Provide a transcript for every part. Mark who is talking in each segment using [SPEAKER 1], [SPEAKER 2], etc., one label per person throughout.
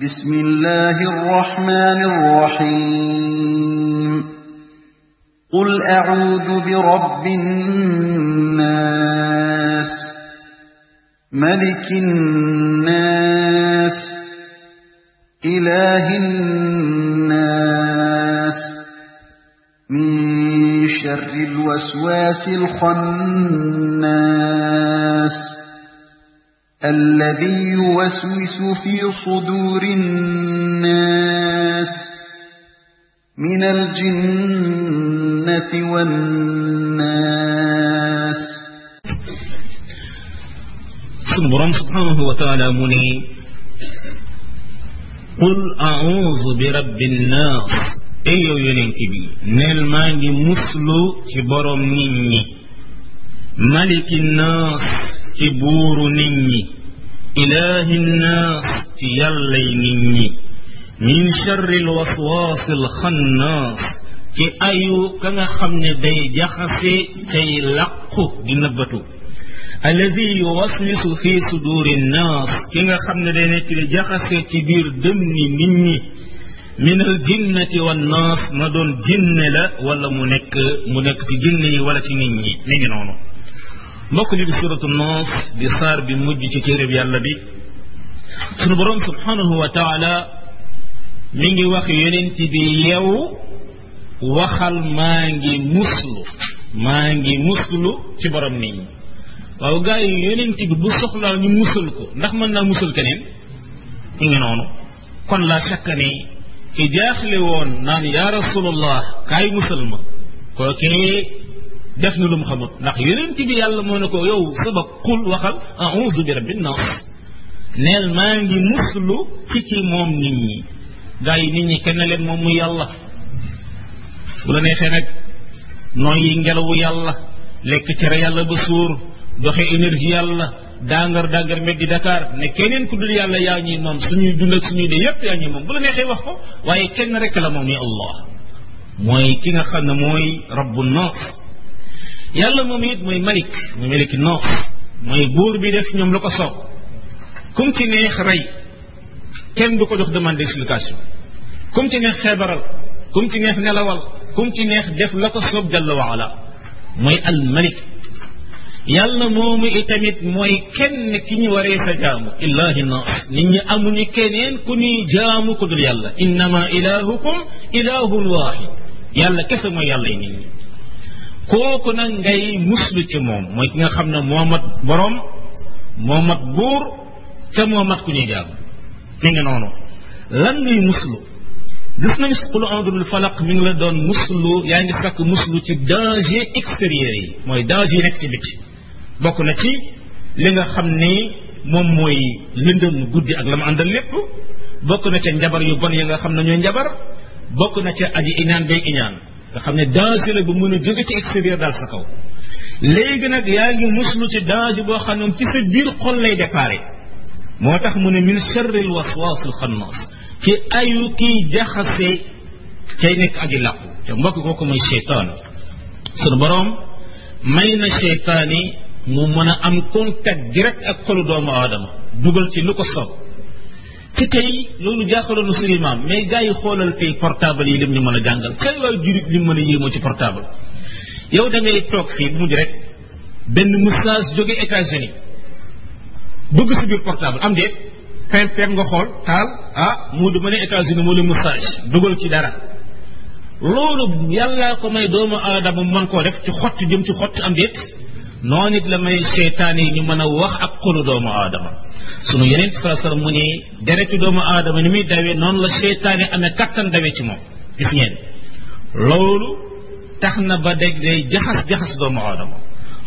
[SPEAKER 1] بسم الله الرحمن الرحيم قل أعوذ برب الناس ملك الناس إله الناس من شر الوسواس الخناس الذي يوسوس في صدور الناس من الجنة والناس سنبرم سبحانه وتعالى مني قل أعوذ برب الناس أيو ينتبي نل ماني مسلو تبرم نيني ملك الناس ci buuru nit ñi ilaahi nnaas ci yàllay nit ñi min charri l waswaas l xannaas ci ayu ka nga xam ne day jaxase cay làqu di nëbbatu allazi yuwaswisu fi suduuri nnaas ki nga xam ne day nekk di jaxase ci biir dëm ni nit ñi min al ma doon jinne la wala mu nekk ci jinne yi wala ci nit ñi noonu mbokk li di suratu noos di saar bi mujj ci téereb yàlla bi sunu boroom subhanahu wa taala mi ngi wax yonent bi yow waxal maa ngi muslu maa ngi muslu ci borom nit ñi waaw gars yi bi bu soxlaa ñu musul ko ndax mën naa musul keneen ñu ngi noonu kon la shakka ni ki jaaxle woon naan yaa rasulullah kaay musul ma kookee def na lu mu xamut ndax yonent bi yàlla moo na ko yow suba xul waxal a'uuzu bi rabbin naas neel maa ngi muslu ci ci moom nit ñi gaa yi ñi kenn leen moom mu yàlla bu la neexee nag nooyi ngelawu yàlla lekk cere yàlla ba suur doxe énergie yàlla dangar dangar mbeddi Dakar ne keneen ku dul yàlla yaa ñuy moom suñuy dund ak suñuy de yépp yaa ñuy moom bu la neexee wax ko waaye kenn rek la ni Allah mooy ki nga xam ne mooy rabbu naas yàlla moom it mooy malik mooy maliki noox mooy buur bi def ñoom la ko soob kum ci neex rey kenn du ko jox demande d'explication kum ci neex xeebaral kum ci neex nelawal kum ci neex def la ko soob jalla wa ala mooy al malik yàlla moomu itamit mooy kenn ki ñu waree sa jaamu illaahi naas nit ñi amuñu keneen ku ñuy jaamu ku dul yàlla innama ilaahukum ilaahun waahid yàlla kese mooy kooku na ngay muslu ci moom mooy ki nga xam ne moo mat boroom moo mat buur ca moo mat ku ñuy jaamu mi ngi noonu lan ngay muslu gis nañ qul a'udhu bil falaq mi ngi la doon muslu yaa ngi sakk muslu ci danger extérieur yi mooy danger yi nekk ci bokk na ci li nga xam ni moom mooy lëndëm guddi ak la mu àndal lépp bokk na ca njabar yu bon yi nga xam ne ñooy njabar bokk na ca aji iñaan bay iñaan nga xam ne danger la ba mën a jóge ci extérieur daal sa kaw léegi nag yaa ngi muslu ci danger xam ne ci sa biir xol lay déparé moo tax mu ne min sharril waswaasul xannaas ci ayu kii jaxase cay nekk aji làqu te ko kooku mooy seytaan sunu boroom may na seytaan yi mu mën a am contact direct ak xolu doomu aadama dugal ci lu ko sopp te tey loolu jaaxaloon suñuy maam mais gars yi xoolal tey portable yi lim ñu mën a jàngal xel waaye jurit li mën a yéemoo ci portable. yow da toog fii bu mujj rek benn message jóge États-Unis bëgg si biir portable am déet pimper nga xool taal ah mu du ma ne États-Unis moo la message dugal ci dara. loolu yàllaa ko may doomu aadama mën koo def ci xott jëm ci xott am déet. noonu it la may seytaan yi ñu mën a wax ak xolu doomu aadama sunu yeneen saa sara mu ne deretu doomu aadama ni muy dawee noonu la seytaan yi amee kattan dawee ci moom gis ngeen loolu tax na ba dégg day jaxas-jaxas doomu aadama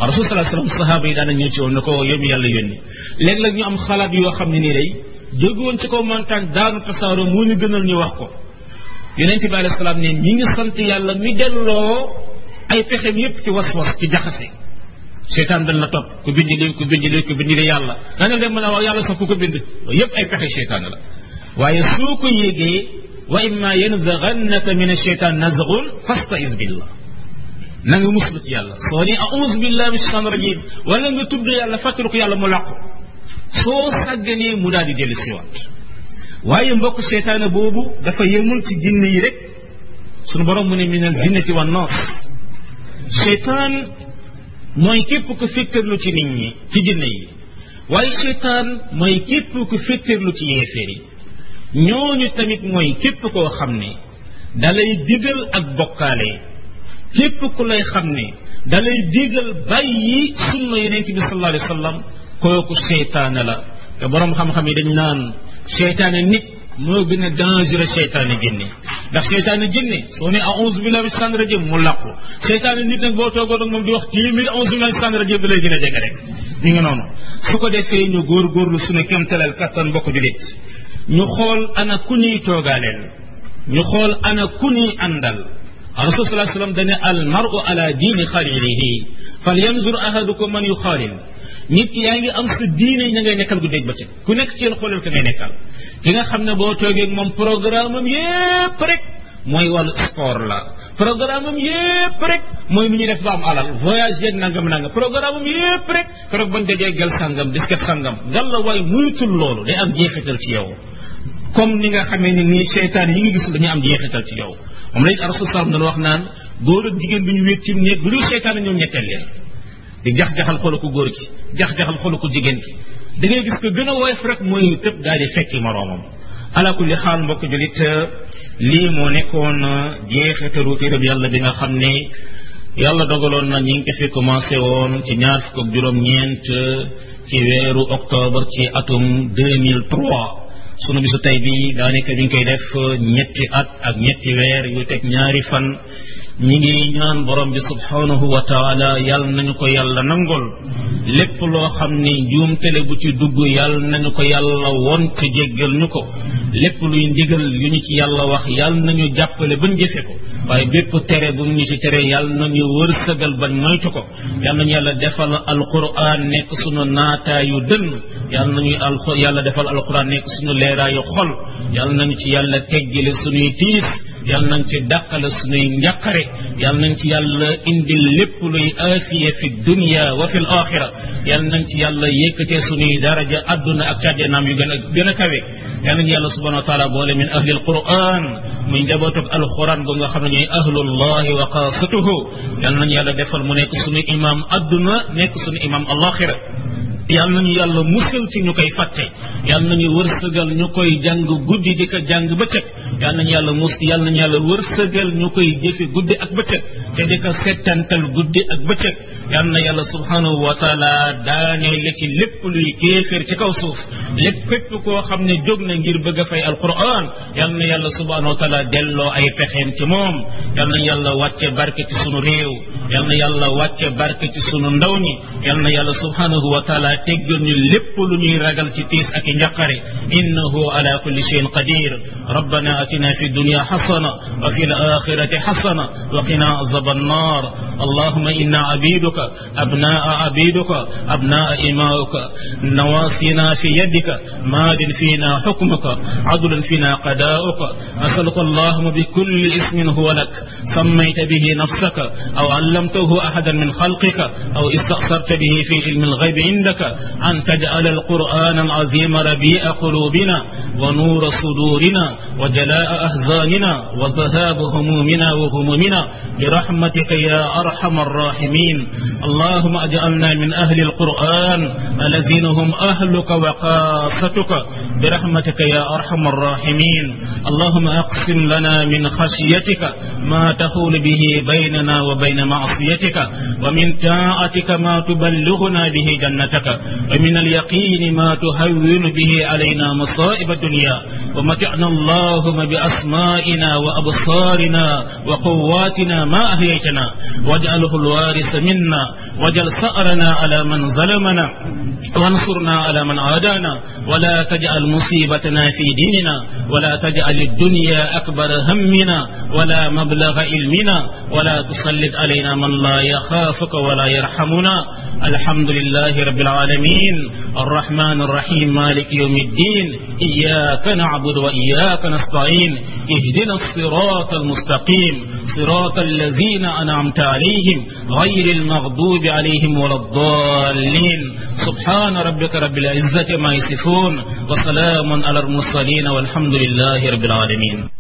[SPEAKER 1] rasul salaa salaam sahaaba yi daana ñëw ci woon ne ko yóbbu yàlla yónni léeg-léeg ñu am xalaat yoo xam ne nii day jógoon ci kaw montagne daanu tasaaro moo ñu gënal ñu wax ko yonent bi alayhi salaam ne ñi ngi sant yàlla mi delloo ay pexem yépp ci was-was ci jaxase seytaan dañ la topp ku bind lii ku bind lii ku bind lii yàlla na nga dem mën a waaw yàlla sax ku ko bind yëpp ay pexe seytaan la waaye soo ko yégee wa imma yanzaghannaka min ash-shaytan nazghun fasta'iz billah na nga muslu ci yàlla soo ni a'udhu billahi minash shaytanir rajim wala nga tudd yàlla fàttali ko yàlla mu làqu soo sàgganee mu daal di dellu siwaat waaye mbokk seytaane boobu dafa yemul ci jinne yi rek sunu borom mu ne minal jinnati wan naas seytaan mooy képp ko féttarlu ci nit ñi ci jinne yi waaye seytaan mooy képp ku féttarlu ci yéeféer yi ñooñu tamit mooy képp koo xam ni dalay digal ak bokkaale képp ku lay xam ne dalay digal bàyyi sunna yonent bi sallallahu alayhi wa kooku seytaane la te boroom xam-xam yi dañ naan seytaane nit moo gën a dangereux seytaane jinne ndax seytaane jinne soo ne a'uuzu billahi mina shaytaani rajim mu làqu seytaane nit nag boo toogoo ak moom di wax téeméer a'uuzu billahi mina shaytaani rajim da lay gën a jege rek ñu ngi noonu su ko defee ñu góorgóorlu suñu kemtalal kattan bokk julit ñu xool ana ku ñuy toogaaleel ñu xool ana ku ñuy àndal الرسول صلى الله عليه وسلم دنا المرء على دين خليله فلينظر أحدكم من يخالل nit ki yaa ngi am sa diine ña ngay nekkal guddeeg bëccëg ku nekk ci yéen xoolal ka ngay nekkal ki nga xam ne boo toogee moom programme am yépp rek mooy wàllu sport la programme am yépp rek mooy nu ñuy def ba am alal voyage yeeg nangam nangam programme am yépp rek keroog bañ dajee gel sangam biscuit sangam gàll waay muytul loolu day am jeexital ci yow comme ni nga xamee ni nii seytaan yi nga gis dañu am jeexital ci yow moom lañ rasul sallam doon wax naan góor ak jigéen bi ñu wéet ci néeg bu dul seytaan ñoom ñetteel leen di jax-jaxal xolu ko góor gi jax-jaxal xolu ko jigéen gi da gis ko gën a woyof rek mooy tëb daal di fekki moroomam ala kulli xaal mbokk julit lii moo nekkoon jeexitalu téereb yàlla bi nga xam ne yàlla dogaloon na ñi ngi ko fi commencé woon ci ñaar fukk ak juróom-ñeent ci weeru octobre ci atum 2003 sunu bisu tey bi daanaka ñu koy def ñetti at ak ñetti weer yu teg ñaari fan ñi ngi ñaan borom bi subhanahu wa taala yàlla nañu ko yàlla nangol lépp loo xam ni njuumtele bu ci dugg yàlla nañu ko yàlla won te jéggal ñu ko lépp luy ndigal yu ñu ci yàlla wax yàlla nañu jàppale bañ jëfe ko waaye bépp tere bu ñu ci tere yàlla nañu wërsëgal bañ moytu ko yàlla nañu yàlla defal alquran nekk sunu naataayu dënn yàlla nañu al yàlla defal alquran nekk sunu leeraayu xol yàlla nañu ci yàlla teggile sunuy tiis yal nañ ci dàqala suñuy njàqare yal nañ ci yàlla indil lépp luy aafiya fi dunia wa fi l axira yal nañ ci yàlla yëkkatee suñuy daraja adduna ak càjjanaam yu gën a gën a kawe yal nañ yàlla subhanahu wa taala boole min ahli alquran muy njabootug alquran bu nga xam ne ñooy ahlullahi wa xaasatuhu yal nañ yàlla defal mu nekk suñu imam adduna nekk suñu imam alaxira yàlla nañu yàlla musal ci ñu koy fàtte yàlla nañu wërsëgal ñu koy jàng guddi di ko jàng bëccëg yàlla nañu yàlla mus yàlla nañu yàlla wërsëgal ñu koy jëfe guddi ak bëccëg te di ko settantal guddi ak bëccëg yal na yàlla subhanahu wa taala daaneel la ci lépp luy kéeféer ci kaw suuf lépp képp koo xam ne jóg na ngir bëgg a fay alquran yal na yàlla subhanahu wa taala delloo ay pexeem ci moom yal na yàlla wàcce barke ci sunu réew yal na yàlla wàcce barke ci sunu ndaw ñi yal na yàlla subhanahu wa taala teggal ñu lépp lu ñuy ragal ci tiis ak i njaqare innahu ala kulli shay'in qadir rabbana atina fi dunya hasana wa fi al akhirati hasana wa qina azab an nar allahumma inna abiduka عبدك أبناء عبيدك أبناء إماؤك نواصينا في يدك ماد فينا حكمك عدل فينا قضاؤك أسألك اللهم بكل اسم هو لك سميت به نفسك أو علمته أحدا من خلقك أو استأثرت به في علم الغيب عندك أن تجعل القرآن العظيم ربيع قلوبنا ونور صدورنا وجلاء أحزاننا وذهاب همومنا وهمومنا برحمتك يا أرحم الراحمين اللهم اجعلنا من أهل القرآن الذين هم أهلك وقاصتك برحمتك يا أرحم الراحمين اللهم أقسم لنا من خشيتك ما تحول به بيننا وبين معصيتك ومن طاعتك ما تبلغنا به جنتك ومن اليقين ما تهون به علينا مصائب الدنيا ومتعنا اللهم بأسمائنا وأبصارنا وقواتنا ما أهيتنا واجعله الوارث منا ظلمنا وجل ثأرنا على من ظلمنا وانصرنا على من عادانا ولا تجعل مصيبتنا في ديننا ولا تجعل الدنيا أكبر همنا ولا مبلغ علمنا ولا تسلط علينا من لا يخافك ولا يرحمنا الحمد لله رب العالمين الرحمن الرحيم مالك يوم الدين إياك نعبد وإياك نستعين اهدنا الصراط المستقيم صراط الذين أنعمت عليهم غير المغضوب المغضوب عليهم ولا الضالين سبحان ربك رب العزة ما يصفون وسلام على المرسلين والحمد لله رب العالمين